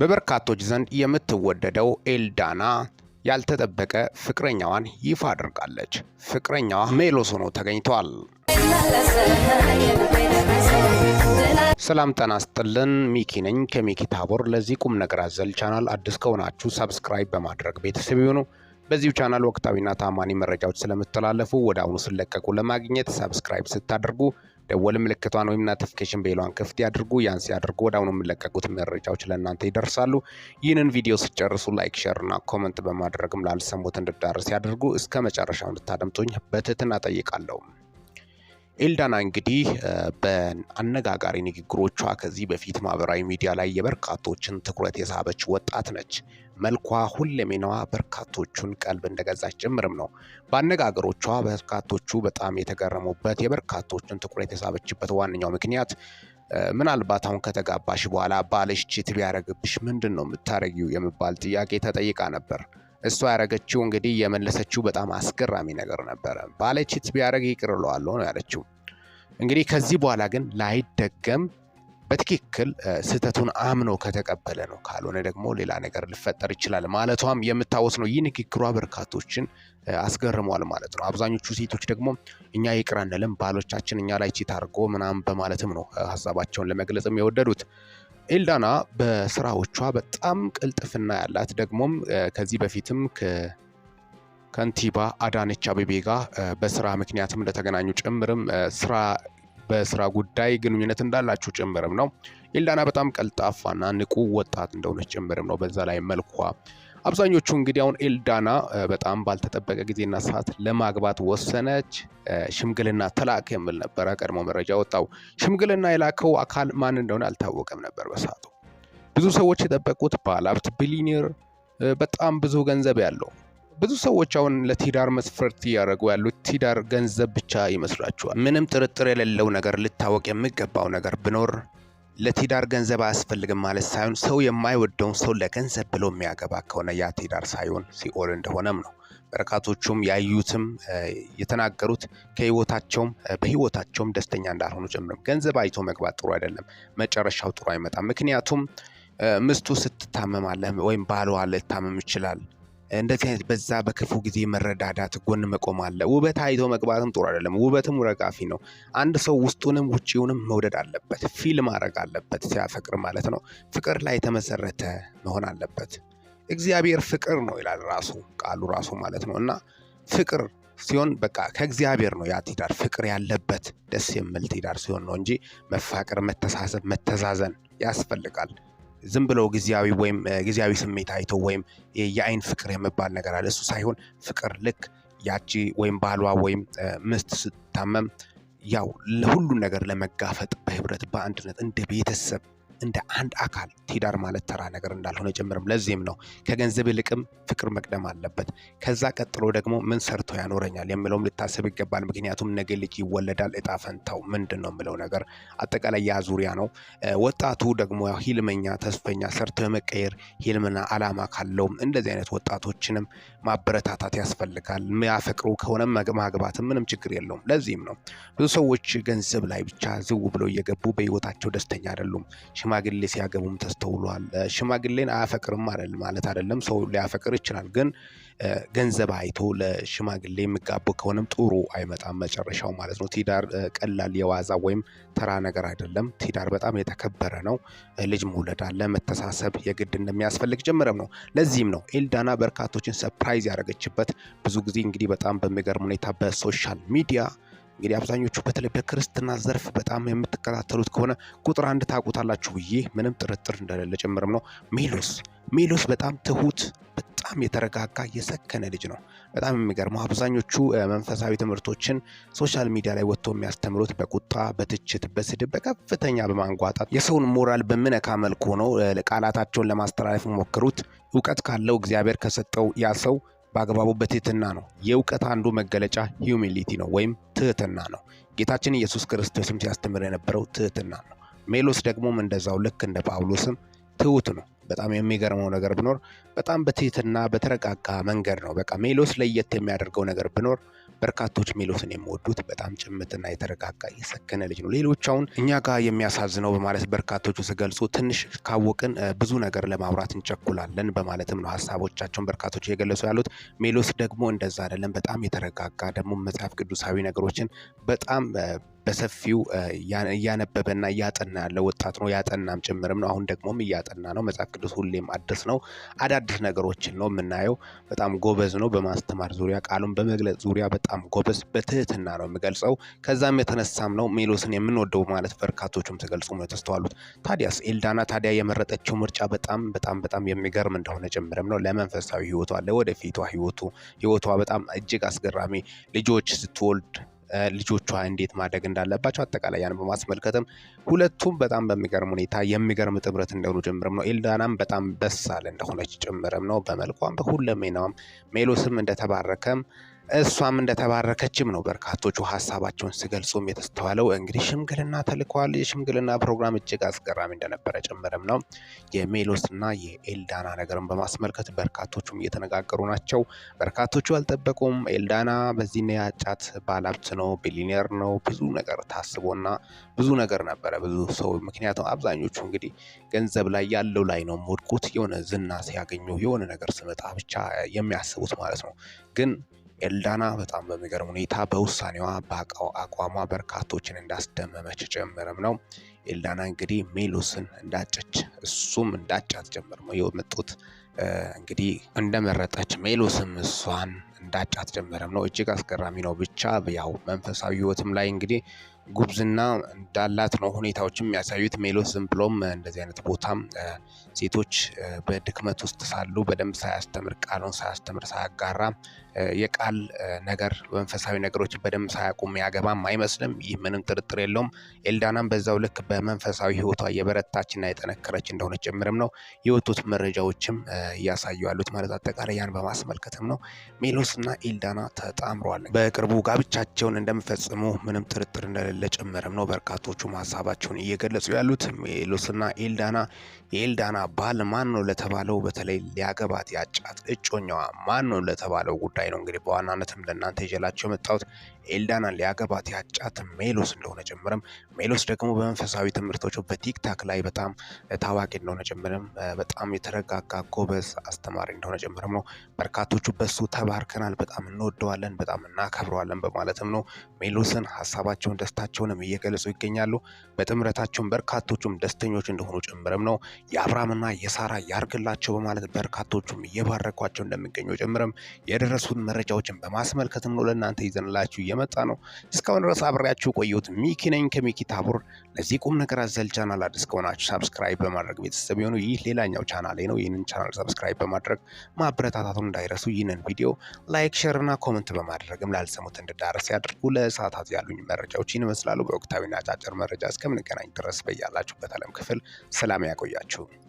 በበርካቶች ዘንድ የምትወደደው ኤልዳና ያልተጠበቀ ፍቅረኛዋን ይፋ አድርጋለች። ፍቅረኛዋ ሜሎስ ሆኖ ተገኝቷል። ሰላም ጠና ስጥልን ሚኪ ነኝ ከሚኪ ታቦር። ለዚህ ቁም ነገር አዘል ቻናል አዲስ ከሆናችሁ ሰብስክራይብ በማድረግ ቤተሰብ ይሁኑ። በዚሁ ቻናል ወቅታዊና ታማኒ መረጃዎች ስለሚተላለፉ ወደ አሁኑ ስለቀቁ ለማግኘት ሰብስክራይብ ስታደርጉ ደወል ምልክቷን ወይም ኖቲፊኬሽን ቤሏን ክፍት ያድርጉ። ያንስ ያድርጉ። ወደ አሁኑ የሚለቀቁት መረጃዎች ለእናንተ ይደርሳሉ። ይህንን ቪዲዮ ስጨርሱ ላይክ፣ ሸር እና ኮመንት በማድረግም ላልሰሙት እንድዳረስ ያድርጉ። እስከ መጨረሻው እንድታደምጡኝ በትህትና ጠይቃለሁ። ኤልዳና እንግዲህ በአነጋጋሪ ንግግሮቿ ከዚህ በፊት ማህበራዊ ሚዲያ ላይ የበርካቶችን ትኩረት የሳበች ወጣት ነች። መልኳ ሁለሜናዋ በርካቶቹን ቀልብ እንደገዛች ጭምርም ነው። በአነጋገሮቿ በርካቶቹ በጣም የተገረሙበት የበርካቶችን ትኩረት የሳበችበት ዋነኛው ምክንያት ምናልባት አሁን ከተጋባሽ በኋላ ባልሽ ችት ቢያደርግብሽ ምንድን ነው የምታረጊው የምባል ጥያቄ ተጠይቃ ነበር። እሷ ያረገችው እንግዲህ የመለሰችው በጣም አስገራሚ ነገር ነበረ። ባለችት ቢያደረግ ይቅር እለዋለሁ ነው ያለችው። እንግዲህ ከዚህ በኋላ ግን ላይደገም በትክክል ስህተቱን አምኖ ከተቀበለ ነው፣ ካልሆነ ደግሞ ሌላ ነገር ሊፈጠር ይችላል ማለቷም የምታወስ ነው። ይህ ንግግሯ በርካቶችን አስገርሟል ማለት ነው። አብዛኞቹ ሴቶች ደግሞ እኛ ይቅር አንልም ባሎቻችን እኛ ላይ ቺት አድርጎ ምናምን በማለትም ነው ሀሳባቸውን ለመግለጽም የወደዱት። ኤልዳና በስራዎቿ በጣም ቅልጥፍና ያላት ደግሞም ከዚህ በፊትም ከንቲባ አዳነች አቤቤ ጋር በስራ ምክንያትም እንደተገናኙ ጭምርም ስራ በስራ ጉዳይ ግንኙነት እንዳላችሁ ጭምርም ነው። ኤልዳና በጣም ቀልጣፋና ንቁ ወጣት እንደሆነች ጭምርም ነው። በዛ ላይ መልኳ አብዛኞቹ እንግዲህ አሁን ኤልዳና በጣም ባልተጠበቀ ጊዜና ሰዓት ለማግባት ወሰነች። ሽምግልና ተላከ የሚል ነበረ ቀድሞ መረጃ ወጣው። ሽምግልና የላከው አካል ማን እንደሆነ አልታወቀም ነበር በሰዓቱ። ብዙ ሰዎች የጠበቁት ባለሀብት ቢሊኒር፣ በጣም ብዙ ገንዘብ ያለው። ብዙ ሰዎች አሁን ለትዳር መስፈርት እያደረጉ ያሉት ትዳር ገንዘብ ብቻ ይመስላችኋል? ምንም ጥርጥር የሌለው ነገር ልታወቅ የሚገባው ነገር ቢኖር ለትዳር ገንዘብ አያስፈልግም ማለት ሳይሆን ሰው የማይወደውን ሰው ለገንዘብ ብሎ የሚያገባ ከሆነ ያ ትዳር ሳይሆን ሲኦል እንደሆነም ነው። በርካቶቹም ያዩትም የተናገሩት ከህይወታቸውም በህይወታቸውም ደስተኛ እንዳልሆኑ ጭምርም። ገንዘብ አይቶ መግባት ጥሩ አይደለም፣ መጨረሻው ጥሩ አይመጣም። ምክንያቱም ምስቱ ስትታመማለህ ወይም ባሏ ሊታመም ይችላል። እንደዚህ አይነት በዛ በክፉ ጊዜ መረዳዳት ጎን መቆም አለ። ውበት አይቶ መግባትም ጥሩ አይደለም። ውበትም ረጋፊ ነው። አንድ ሰው ውስጡንም ውጪውንም መውደድ አለበት፣ ፊል ማድረግ አለበት ሲያፈቅር ማለት ነው። ፍቅር ላይ የተመሰረተ መሆን አለበት። እግዚአብሔር ፍቅር ነው ይላል ራሱ ቃሉ ራሱ ማለት ነው እና ፍቅር ሲሆን በቃ ከእግዚአብሔር ነው ያ ትዳር ፍቅር ያለበት ደስ የሚል ትዳር ሲሆን ነው እንጂ መፋቅር መተሳሰብ፣ መተዛዘን ያስፈልጋል። ዝም ብለው ጊዜያዊ ወይም ጊዜያዊ ስሜት አይቶ ወይም የአይን ፍቅር የሚባል ነገር አለ። እሱ ሳይሆን ፍቅር ልክ ያቺ ወይም ባሏ ወይም ምስት ስታመም ያው ለሁሉም ነገር ለመጋፈጥ በህብረት በአንድነት እንደ ቤተሰብ እንደ አንድ አካል ትዳር ማለት ተራ ነገር እንዳልሆነ ጭምርም። ለዚህም ነው ከገንዘብ ይልቅም ፍቅር መቅደም አለበት። ከዛ ቀጥሎ ደግሞ ምን ሰርቶ ያኖረኛል የሚለውም ልታስብ ይገባል። ምክንያቱም ነገ ልጅ ይወለዳል። እጣ ፈንታው ምንድን ነው የምለው ነገር አጠቃላይ ያ ዙሪያ ነው። ወጣቱ ደግሞ ሂልመኛ፣ ተስፈኛ ሰርቶ የመቀየር ሂልምና አላማ ካለውም እንደዚህ አይነት ወጣቶችንም ማበረታታት ያስፈልጋል። የሚያፈቅሩ ከሆነ ማግባት ምንም ችግር የለውም። ለዚህም ነው ብዙ ሰዎች ገንዘብ ላይ ብቻ ዝው ብለው እየገቡ በህይወታቸው ደስተኛ አይደሉም። ሽማግሌ ሲያገቡም ተስተውሏል። ሽማግሌን አያፈቅርም ማለት አይደለም። ሰው ሊያፈቅር ይችላል፣ ግን ገንዘብ አይቶ ለሽማግሌ የሚጋቡ ከሆነም ጥሩ አይመጣም መጨረሻው ማለት ነው። ትዳር ቀላል የዋዛ ወይም ተራ ነገር አይደለም። ትዳር በጣም የተከበረ ነው። ልጅ መውለድ አለ፣ መተሳሰብ የግድ እንደሚያስፈልግ ጀምረም ነው። ለዚህም ነው ኤልዳና በርካቶችን ሰፕራይዝ ያደረገችበት ብዙ ጊዜ እንግዲህ በጣም በሚገርም ሁኔታ በሶሻል ሚዲያ እንግዲህ አብዛኞቹ በተለይ በክርስትና ዘርፍ በጣም የምትከታተሉት ከሆነ ቁጥር አንድ ታውቁታላችሁ። ይህ ምንም ጥርጥር እንደሌለ ጭምርም ነው። ሜሎስ ሜሎስ በጣም ትሁት፣ በጣም የተረጋጋ የሰከነ ልጅ ነው። በጣም የሚገርመው አብዛኞቹ መንፈሳዊ ትምህርቶችን ሶሻል ሚዲያ ላይ ወጥቶ የሚያስተምሩት በቁጣ በትችት፣ በስድብ፣ በከፍተኛ በማንጓጣት የሰውን ሞራል በምነካ መልኩ ነው ቃላታቸውን ለማስተላለፍ ሞክሩት። እውቀት ካለው እግዚአብሔር ከሰጠው ያ ሰው በአግባቡ በትህትና ነው። የእውቀት አንዱ መገለጫ ሂዩሚሊቲ ነው ወይም ትህትና ነው። ጌታችን ኢየሱስ ክርስቶስም ሲያስተምር የነበረው ትህትና ነው። ሜሎስ ደግሞም እንደዛው ልክ እንደ ጳውሎስም ትሁት ነው። በጣም የሚገርመው ነገር ቢኖር በጣም በትህትና በተረጋጋ መንገድ ነው። በቃ ሜሎስ ለየት የሚያደርገው ነገር ቢኖር በርካቶች ሜሎስን የሚወዱት በጣም ጭምትና የተረጋጋ የሰከነ ልጅ ነው። ሌሎች አሁን እኛ ጋር የሚያሳዝነው በማለት በርካቶቹ ስገልጹ ትንሽ ካወቅን ብዙ ነገር ለማውራት እንቸኩላለን በማለትም ነው ሀሳቦቻቸውን በርካቶች እየገለጹ ያሉት። ሜሎስ ደግሞ እንደዛ አይደለም። በጣም የተረጋጋ ደግሞ መጽሐፍ ቅዱሳዊ ነገሮችን በጣም በሰፊው እያነበበና እያጠና ያለ ወጣት ነው። ያጠናም ጭምርም ነው። አሁን ደግሞም እያጠና ነው። መጽሐፍ ቅዱስ ሁሌም አዲስ ነው። አዳዲስ ነገሮችን ነው የምናየው። በጣም ጎበዝ ነው። በማስተማር ዙሪያ፣ ቃሉን በመግለጽ ዙሪያ በጣም ጎበዝ፣ በትህትና ነው የሚገልጸው። ከዛም የተነሳም ነው ሜሎስን የምንወደው ማለት በርካቶቹም ተገልጾ ነው የተስተዋሉት። ታዲያስ ኤልዳና ታዲያ የመረጠችው ምርጫ በጣም በጣም በጣም የሚገርም እንደሆነ ጭምርም ነው። ለመንፈሳዊ ህይወቷ ለወደፊቷ ህይወቷ በጣም እጅግ አስገራሚ ልጆች ስትወልድ ልጆቿ እንዴት ማደግ እንዳለባቸው አጠቃላይ ያን በማስመልከትም ሁለቱም በጣም በሚገርም ሁኔታ የሚገርም ጥምረት እንደሆኑ ጭምርም ነው። ኤልዳናም በጣም በሳል እንደሆነች ጭምርም ነው በመልኳም በሁለመናዋም ሜሎስም እንደተባረከም እሷም እንደተባረከችም ነው በርካቶቹ ሀሳባቸውን ሲገልጹም የተስተዋለው። እንግዲህ ሽምግልና ተልከዋል። የሽምግልና ፕሮግራም እጅግ አስገራሚ እንደነበረ ጭምርም ነው። የሜሎስ የሜሎስና የኤልዳና ነገርን በማስመልከት በርካቶቹም እየተነጋገሩ ናቸው። በርካቶቹ አልጠበቁም። ኤልዳና በዚህ ያጫት ባለሀብት ነው፣ ቢሊኒየር ነው። ብዙ ነገር ታስቦና ብዙ ነገር ነበረ ብዙ ሰው ምክንያቱም አብዛኞቹ እንግዲህ ገንዘብ ላይ ያለው ላይ ነው ሞድቁት የሆነ ዝና ሲያገኙ የሆነ ነገር ስመጣ ብቻ የሚያስቡት ማለት ነው ግን ኤልዳና በጣም በሚገርም ሁኔታ በውሳኔዋ በአቃው አቋሟ በርካቶችን እንዳስደመመች ጭምርም ነው። ኤልዳና እንግዲህ ሜሎስን እንዳጨች እሱም እንዳጫት ጭምር ነው የመጡት እንግዲህ እንደመረጠች ሜሎስም እሷን እንዳጫት ጀመረም ነው። እጅግ አስገራሚ ነው። ብቻ ያው መንፈሳዊ ህይወትም ላይ እንግዲህ ጉብዝና እንዳላት ነው ሁኔታዎች የሚያሳዩት። ሜሎስም ብሎም እንደዚህ አይነት ቦታም ሴቶች በድክመት ውስጥ ሳሉ በደንብ ሳያስተምር ቃሉን ሳያስተምር ሳያጋራ የቃል ነገር መንፈሳዊ ነገሮች በደንብ ሳያቁም ያገባም አይመስልም። ይህ ምንም ጥርጥር የለውም። ኤልዳናም በዛው ልክ በመንፈሳዊ ህይወቷ የበረታችና የጠነከረች እንደሆነ ጭምርም ነው የወጡት መረጃዎችም እያሳዩ ያሉት ማለት አጠቃላይ ያን በማስመልከትም ነው። ሜሎስ እና ኤልዳና ተጣምረዋል። በቅርቡ ጋብቻቸውን እንደሚፈጽሙ ምንም ጥርጥር እንደሌለ ጭምርም ነው በርካቶቹ ሀሳባቸውን እየገለጹ ያሉት ሜሎስና ኤልዳና የኤልዳና ባል ማን ነው ለተባለው በተለይ ሊያገባት ያጫት እጮኛዋ ማን ነው ለተባለው ጉዳይ ነው እንግዲህ በዋናነትም ለእናንተ ይዤላቸው የመጣሁት ኤልዳና ሊያገባት ያጫት ሜሎስ እንደሆነ ጀምረም ሜሎስ ደግሞ በመንፈሳዊ ትምህርቶቹ በቲክታክ ላይ በጣም ታዋቂ እንደሆነ ጀምረም በጣም የተረጋጋ ጎበዝ አስተማሪ እንደሆነ ጀምረም ነው። በርካቶቹ በሱ ተባርከናል፣ በጣም እንወደዋለን፣ በጣም እናከብረዋለን በማለትም ነው ሜሎስን ሀሳባቸውን ደስታቸውንም እየገለጹ ይገኛሉ። በጥምረታቸውን በርካቶቹም ደስተኞች እንደሆኑ ጭምርም ነው የአብርሃምና የሳራ ያርግላቸው በማለት በርካቶቹም እየባረኳቸው እንደሚገኙ ጭምርም የደረሱን መረጃዎችን በማስመልከትም ነው ለእናንተ ይዘንላችሁ እየመጣ ነው። እስካሁን ድረስ አብሬያችሁ ቆየሁት ሚኪ ነኝ ከሚኪ ታቦር። ለዚህ ቁም ነገር አዘል ቻናል አዲስ ከሆናችሁ ሳብስክራይብ በማድረግ ቤተሰብ የሆኑ ይህ ሌላኛው ቻናሌ ነው። ይህንን ቻናል ሳብስክራይብ በማድረግ ማበረታታቱን እንዳይረሱ ይህንን ቪዲዮ ላይክ፣ ሼር እና ኮመንት በማድረግም ላልሰሙት እንድዳረስ ያድርጉ። ለሰዓታት ያሉኝ መረጃዎች ይህን ይመስላሉ። በወቅታዊና አጫጭር መረጃ እስከምንገናኝ ድረስ በያላችሁበት ዓለም ክፍል ሰላም ያቆያችሁ። uchumi.